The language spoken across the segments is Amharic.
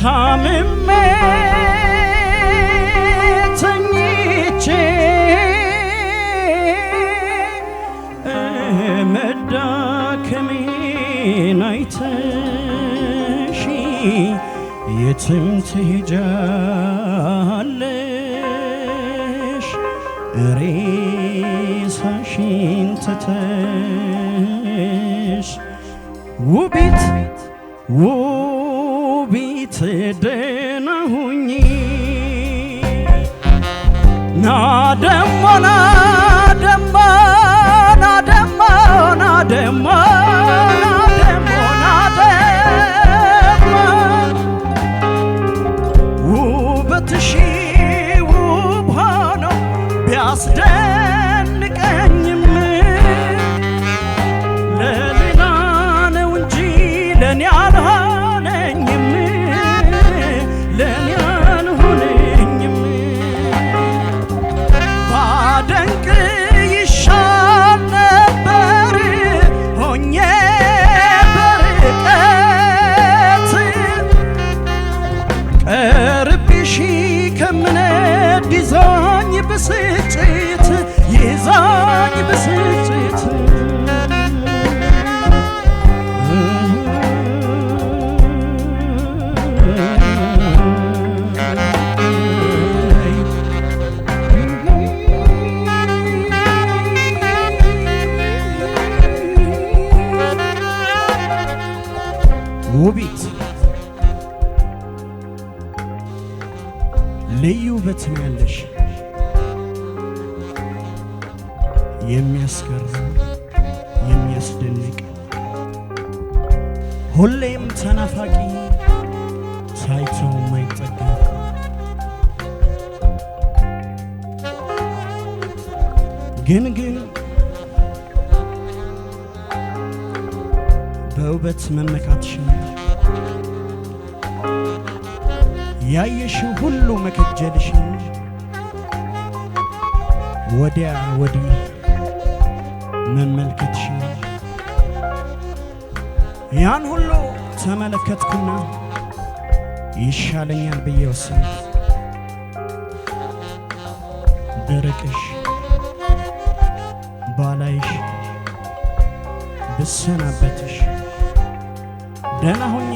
ታምሜ ተኝቼ መዳከሜን አይተሽ የትም ትሄጃለሽ ሬሳሽን ትተሽ ውቢት ስድነሁኝ ናደሞ ናደሞ ናደሞ ናደሞ የሚያስገርም የሚያስደንቅ ሁሌም ተናፋቂ ሳይተው የማይጠጋ ግን ግን በውበት መመካትሽ ያየሽው ሁሉ መከጀልሽን ወዲያ ወዲህ መመልከትሽ ያን ሁሉ ተመለከትኩና ይሻለኛል ብዬ ወሰንኩ። ብርቅሽ ባላይሽ ብሰናበትሽ ደህና ሁኚ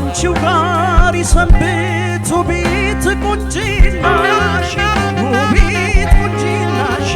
ካንቺው ጋር ይሰንብት ውቢት ቁንጅናሽ ውቢት ቁንጅናሽ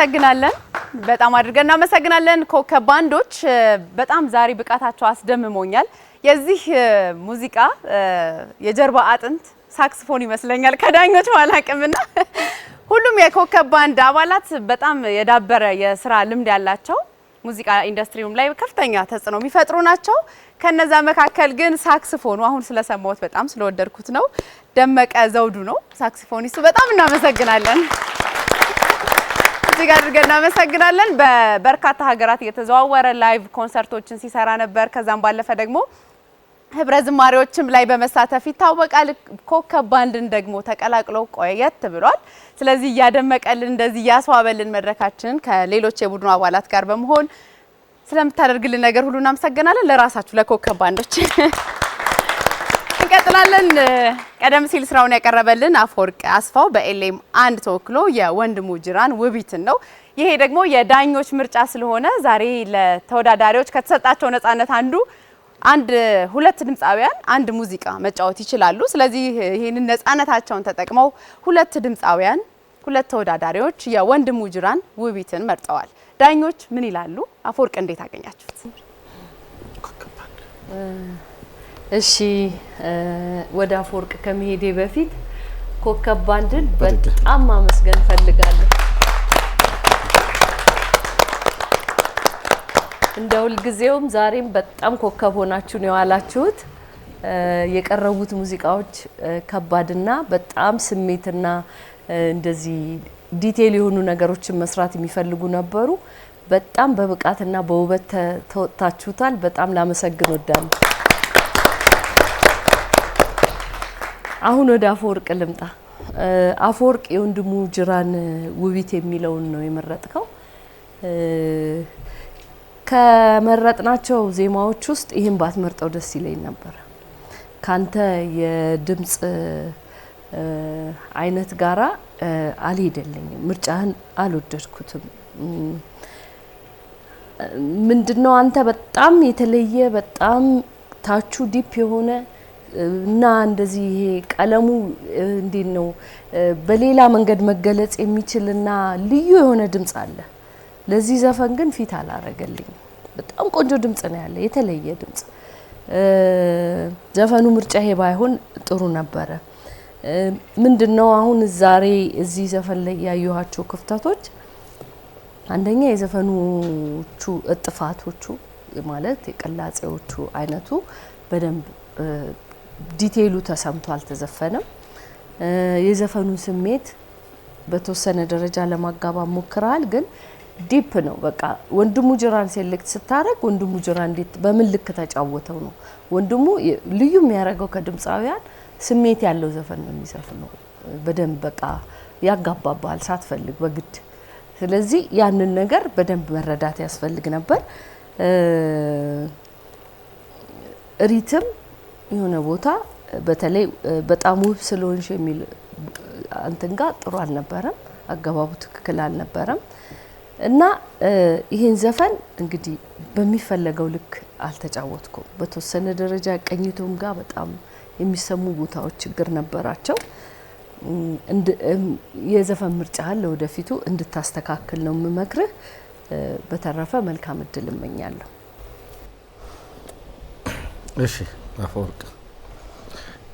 እናመሰግናለን። በጣም አድርገን እናመሰግናለን። ኮከብ ባንዶች በጣም ዛሬ ብቃታቸው አስደምሞኛል። የዚህ ሙዚቃ የጀርባ አጥንት ሳክስፎን ይመስለኛል ከዳኞች አላቅምና ሁሉም የኮከብ ባንድ አባላት በጣም የዳበረ የስራ ልምድ ያላቸው ሙዚቃ ኢንዱስትሪውም ላይ ከፍተኛ ተጽዕኖ የሚፈጥሩ ናቸው። ከነዛ መካከል ግን ሳክስፎኑ አሁን ስለሰማሁት በጣም ስለወደድኩት ነው፣ ደመቀ ዘውዱ ነው ሳክስፎኒስቱ። በጣም እናመሰግናለን። እጅግ አድርገን እናመሰግናለን። በበርካታ ሀገራት እየተዘዋወረ ላይቭ ኮንሰርቶችን ሲሰራ ነበር። ከዛም ባለፈ ደግሞ ህብረ ዝማሪዎችም ላይ በመሳተፍ ይታወቃል። ኮከብ ባንድን ደግሞ ተቀላቅሎ ቆየት ብሏል። ስለዚህ እያደመቀልን እንደዚህ እያስዋበልን መድረካችንን ከሌሎች የቡድኑ አባላት ጋር በመሆን ስለምታደርግልን ነገር ሁሉ እናመሰግናለን። ለራሳችሁ ለኮከብ ባንዶች እናመሰግናለን። ቀደም ሲል ስራውን ያቀረበልን አፈወርቅ አስፋው በኤልኤም አንድ ተወክሎ የወንድሙ ጅራን ውቢትን ነው። ይሄ ደግሞ የዳኞች ምርጫ ስለሆነ ዛሬ ለተወዳዳሪዎች ከተሰጣቸው ነጻነት አንዱ አንድ ሁለት ድምፃውያን አንድ ሙዚቃ መጫወት ይችላሉ። ስለዚህ ይህንን ነጻነታቸውን ተጠቅመው ሁለት ድምፃውያን ሁለት ተወዳዳሪዎች የወንድሙ ጅራን ውቢትን መርጠዋል። ዳኞች ምን ይላሉ? አፈወርቅ እንዴት አገኛችሁት? እሺ ወደ አፈወርቅ ከመሄዴ በፊት ኮከብ ባንድን በጣም ማመስገን ፈልጋለሁ። እንደ ሁልጊዜውም ዛሬም በጣም ኮከብ ሆናችሁ ነው የዋላችሁት። የቀረቡት ሙዚቃዎች ከባድና በጣም ስሜትና እንደዚህ ዲቴይል የሆኑ ነገሮችን መስራት የሚፈልጉ ነበሩ። በጣም በብቃትና በውበት ተወጥታችሁታል። በጣም ላመሰግን ወዳለሁ። አሁን ወደ አፈወርቅ ልምጣ። አፈወርቅ የወንድሙ ጅራን ውቢት የሚለውን ነው የመረጥከው። ከመረጥናቸው ዜማዎች ውስጥ ይህን ባትመርጠው ደስ ይለኝ ነበር። ካንተ የድምፅ አይነት ጋራ አልሄደልኝም፣ ምርጫህን አልወደድኩትም። ምንድነው አንተ በጣም የተለየ በጣም ታቹ ዲፕ የሆነ እና እንደዚህ ይሄ ቀለሙ እንዴት ነው በሌላ መንገድ መገለጽ የሚችልና ልዩ የሆነ ድምፅ አለ። ለዚህ ዘፈን ግን ፊት አላረገልኝ። በጣም ቆንጆ ድምፅ ነው ያለ፣ የተለየ ድምፅ። ዘፈኑ ምርጫ ባይሆን ጥሩ ነበረ። ምንድን ነው አሁን ዛሬ እዚህ ዘፈን ላይ ያየኋቸው ክፍተቶች፣ አንደኛ የዘፈኖቹ እጥፋቶቹ ማለት የቅላጼዎቹ አይነቱ በደንብ ዲቴይሉ ተሰምቶ አልተዘፈነም። የዘፈኑን ስሜት በተወሰነ ደረጃ ለማጋባ ሞክረሃል፣ ግን ዲፕ ነው። በቃ ወንድሙ ጅራን ሴሌክት ስታደረግ ወንድሙ ጅራ እንዴት በምን ልክ ተጫወተው ነው? ወንድሙ ልዩ የሚያደርገው ከድምፃውያን ስሜት ያለው ዘፈን ነው ነው። በደንብ በቃ ያጋባባል ሳትፈልግ በግድ። ስለዚህ ያንን ነገር በደንብ መረዳት ያስፈልግ ነበር። ሪትም የሆነ ቦታ በተለይ በጣም ውብ ስለሆንሽ የሚል አንትን ጋር ጥሩ አልነበረም፣ አገባቡ ትክክል አልነበረም እና ይህን ዘፈን እንግዲህ በሚፈለገው ልክ አልተጫወትኩም። በተወሰነ ደረጃ ቀኝቶም ጋር በጣም የሚሰሙ ቦታዎች ችግር ነበራቸው። የዘፈን ምርጫህን ለወደፊቱ እንድታስተካክል ነው የምመክርህ። በተረፈ መልካም እድል እመኛለሁ። እሺ። አፈወርቅ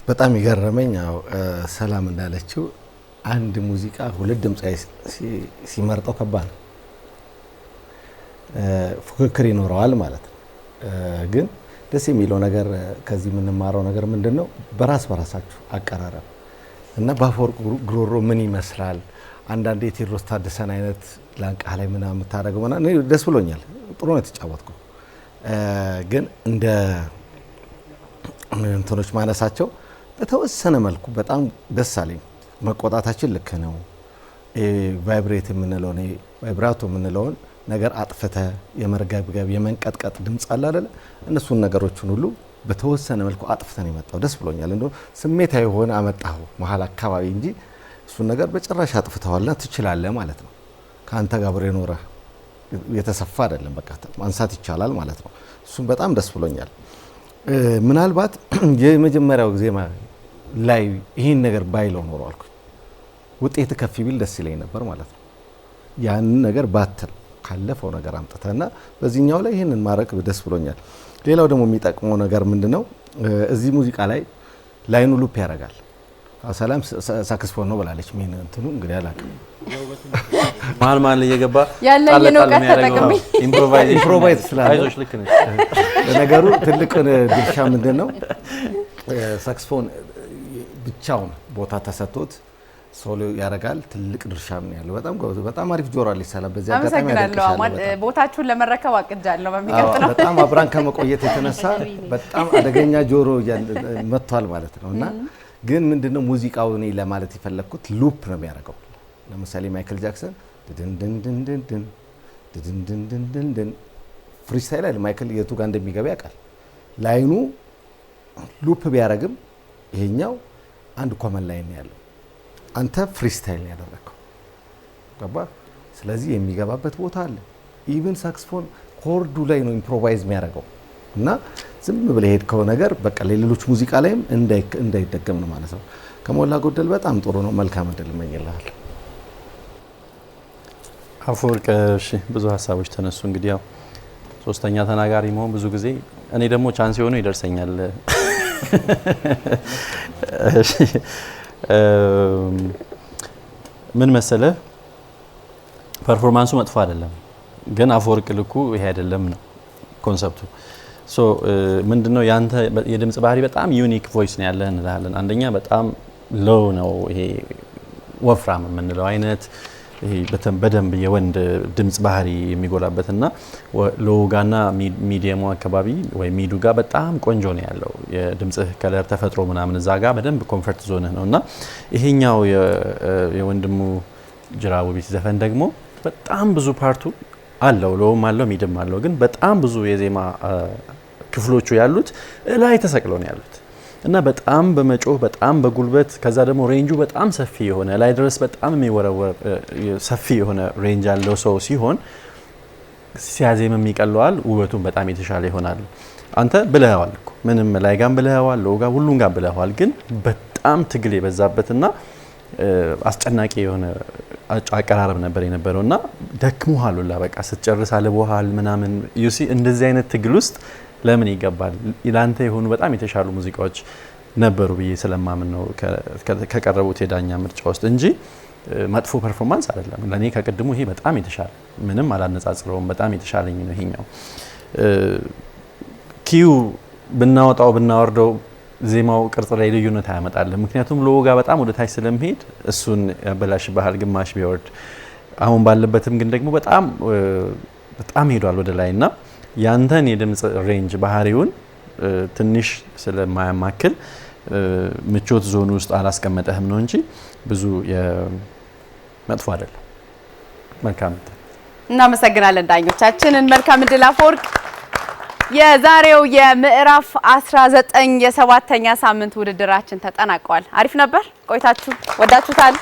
በጣም የገረመኝ ሰላም እንዳለችው አንድ ሙዚቃ ሁለት ድምፃዊ ሲመርጠው ከባድ ነው። ፉክክር ይኖረዋል ማለት ነው። ግን ደስ የሚለው ነገር ከዚህ የምንማረው ነገር ምንድን ነው? በራስ በራሳችሁ አቀራረብ እና በአፈወርቅ ጉሮሮ ምን ይመስላል? አንዳንድ የቴዎድሮስ ታደሰን አይነት ላንቃ ላይ ምናምን የምታደርገው ደስ ብሎኛል። ጥሩ ነው የተጫወትኩ ግን እንደ እንትኖች ማነሳቸው በተወሰነ መልኩ በጣም ደስ አለኝ። መቆጣታችን ልክ ነው። ቫይብሬት የምንለውን ቫይብራቶ የምንለውን ነገር አጥፍተ የመርገብገብ የመንቀጥቀጥ ድምፅ አለ አይደለ? እነሱን ነገሮችን ሁሉ በተወሰነ መልኩ አጥፍተን የመጣው ደስ ብሎኛል። እንዲሁም ስሜታ የሆነ አመጣሁ መሀል አካባቢ እንጂ እሱን ነገር በጭራሽ አጥፍተዋልና ትችላለ ማለት ነው። ከአንተ ጋር ብሬ ኖረ የተሰፋ አይደለም። በቃ ማንሳት ይቻላል ማለት ነው። እሱም በጣም ደስ ብሎኛል። ምናልባት የመጀመሪያው ዜማ ላይ ይህን ነገር ባይለው ኖሮ አልኩኝ ውጤት ከፍ ቢል ደስ ይለኝ ነበር ማለት ነው። ያንን ነገር ባትል ካለፈው ነገር አምጥተና በዚህኛው ላይ ይህንን ማድረግ ደስ ብሎኛል። ሌላው ደግሞ የሚጠቅመው ነገር ምንድነው? እዚህ ሙዚቃ ላይ ላይኑ ሉፕ ያደርጋል። ሰላም ሳክስፎን ነው ብላለች። ሚን እንትኑ እንግዲህ አላውቅም። መሀል መሀል እየገባ ያለኝን እውቀት ተጠቅሜ ኢምፕሮቫይዝ ስላለ ለነገሩ ትልቅ ድርሻ ምንድን ነው ሳክስፎን ብቻውን ቦታ ተሰጥቶት ሶሎ ያደርጋል። ትልቅ ድርሻ ምን ያለው በጣም ጎበዝ፣ በጣም አሪፍ ጆሮ አለች። ሰላም በዚህ አጋጣሚ አመሰግናለሁ። ቦታችሁን ለመረከብ አቅጃለሁ። በሚቀጥለው በጣም አብራን ከመቆየት የተነሳ በጣም አደገኛ ጆሮ መጥቷል ማለት ነው እና ግን ምንድነው ሙዚቃው እኔ ለማለት የፈለግኩት ሉፕ ነው የሚያደርገው። ለምሳሌ ማይክል ጃክሰን ድንድንድንድን ፍሪስታይል አይደል ማይክል የቱ ጋር እንደሚገባ ያውቃል። ላይኑ ሉፕ ቢያደርግም ይሄኛው አንድ ኮመን ላይን ያለው አንተ ፍሪስታይል ነው ያደረግከው። ገባ። ስለዚህ የሚገባበት ቦታ አለ። ኢቨን ሳክስፎን ኮርዱ ላይ ነው ኢምፕሮቫይዝ የሚያደርገው። እና ዝም ብለ ሄድከው ነገር በቃ ለሌሎች ሙዚቃ ላይም እንዳይደገም ነው ማለት ነው። ከሞላ ጎደል በጣም ጥሩ ነው። መልካም እድል እመኝልሃለሁ። አፈወርቅ፣ እሺ ብዙ ሀሳቦች ተነሱ። እንግዲህ ያው ሶስተኛ ተናጋሪ መሆን ብዙ ጊዜ እኔ ደግሞ ቻንስ የሆኑ ይደርሰኛል። ምን መሰለ ፐርፎርማንሱ መጥፎ አይደለም፣ ግን አፈወርቅ ልኩ ይሄ አይደለም ነው ኮንሰፕቱ። Uh, ምንድነው ያንተ የድምጽ ባህሪ? በጣም ዩኒክ ቮይስ ነው ያለህ እንላለን። አንደኛ በጣም ሎው ነው ይሄ ወፍራም የምንለው አይነት በደንብ የወንድ ድምጽ ባህሪ የሚጎላበት እና ሎው ጋና ሚዲየሙ አካባቢ ወይ ሚዱ ጋ በጣም ቆንጆ ነው ያለው የድምፅህ ከለር ተፈጥሮ ምናምን እዛ ጋር በደንብ ኮንፈርት ዞንህ ነው እና ይሄኛው የወንድሙ ጅራ ቤት ዘፈን ደግሞ በጣም ብዙ ፓርቱ አለው ለውም አለው ሚድም አለው። ግን በጣም ብዙ የዜማ ክፍሎቹ ያሉት ላይ ተሰቅለው ነው ያሉት እና በጣም በመጮህ በጣም በጉልበት ከዛ ደግሞ ሬንጁ በጣም ሰፊ የሆነ ላይ ድረስ በጣም የሚወረወር ሰፊ የሆነ ሬንጅ ያለው ሰው ሲሆን ሲያዜም የሚቀለዋል ውበቱን በጣም የተሻለ ይሆናል። አንተ ብለዋል ምንም ላይ ጋም ብለዋል ሎው ጋር ሁሉም ጋር ብለዋል ግን በጣም ትግል የበዛበትና አስጨናቂ የሆነ አቀራረብ ነበር የነበረው እና ደክሞሃል ሁላ በቃ ስትጨርስ አልቦሃል ምናምን ዩሲ እንደዚህ አይነት ትግል ውስጥ ለምን ይገባል? ለአንተ የሆኑ በጣም የተሻሉ ሙዚቃዎች ነበሩ ብዬ ስለማምን ነው ከቀረቡት የዳኛ ምርጫ ውስጥ እንጂ መጥፎ ፐርፎርማንስ አይደለም። ለእኔ ከቅድሙ ይሄ በጣም የተሻለ ምንም አላነጻጽረውም። በጣም የተሻለኝ ነው ይሄኛው ኪዩ ብናወጣው ብናወርደው ዜማው ቅርጽ ላይ ልዩነት አያመጣለን። ምክንያቱም ሎጎ ጋር በጣም ወደ ታች ስለሚሄድ እሱን ያበላሽ ባህል ግማሽ ቢወርድ አሁን ባለበትም ግን ደግሞ በጣም በጣም ሄዷል ወደ ላይ እና ያንተን የድምፅ ሬንጅ ባህሪውን ትንሽ ስለማያማክል ምቾት ዞን ውስጥ አላስቀመጠህም ነው እንጂ ብዙ መጥፎ አይደለም። መልካም እናመሰግናለን ዳኞቻችንን። መልካም እድል አፈወርቅ። የዛሬው የምዕራፍ 19 የሰባተኛ ሳምንት ውድድራችን ተጠናቋል። አሪፍ ነበር ቆይታችሁ፣ ወዳችሁታል።